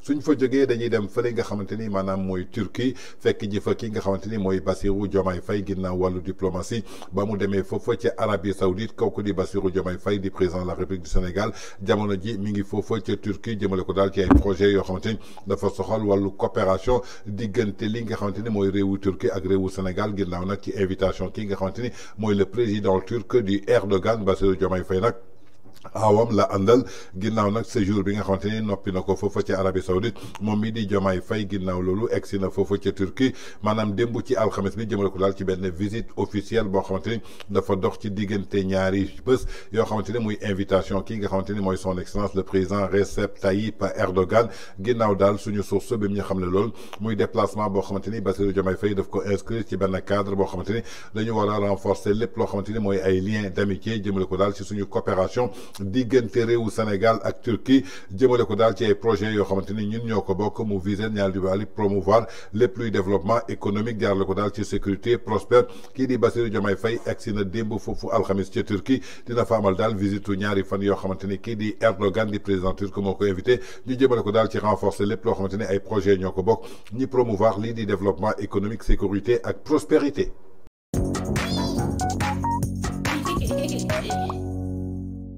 suñ fa jógee dañuy dem fële nga xamante ni maanaam Turquie fekk ji fa ki nga xamante ni mooy Bassirou Diomaye Faye ginnaaw wàllu diplomatie ba mu demee foofa ca Arabie Saoudite kooku di Bassirou Diomaye Faye di président de la République du Sénégal jamono ji mi ngi foofa ca Turquie jëmale ko daal ci ay projet yoo xamante ni dafa soxal wàllu coopération diggante li nga xamante ni mooy réewu Turquie ak réewu Sénégal ginnaaw nag ci invitation ki nga xamante ni le président turc du Erdogan Bassirou Diomaye Faye nag awam la àndal ginnaaw nag séjour bi nga xamanteni nopi nako fofu ci Arabie Saoudite moom mi di jomay fay ginnaw lolu egsi na foofa ca Turquie manam dembu ci alxames bi jëmale ko dal ci benn visite officielle bo xamanteni dafa dox ci diggante ñaari bëss yo xamanteni ni muy invitation ki nga xamanteni moy son excellence le président Recep Tayyip Erdogan ginnaw dal suñu source bi ñu xam ne loolu muy déplacement bo xamanteni ni jomay fay daf ko inscrire ci benn cadre bo xamanteni dañu war renforcer lepp lo xamanteni moy ay liens d'amitié jëmale ko dal ci suñu coopération diggante réewu Sénégal ak Turquie jëmale ko dal ci ay projets yo xamanteni ñun ñoko ko bokk mu viser promouvoir le plus développement économique jaar la ko ci sécurité prospère ki di Bassirou Diomaye Faye agsi na démb foofu alxamis ci Turquie dina fa dal visite ñaari fan yo xamanteni ki di Erdogan di président turc moko invité ñu jëmale ko dal ci renforcer le plus xamanteni ni ay projet ñoko bokk ñi promouvoir li di développement économique sécurité ak prospérité.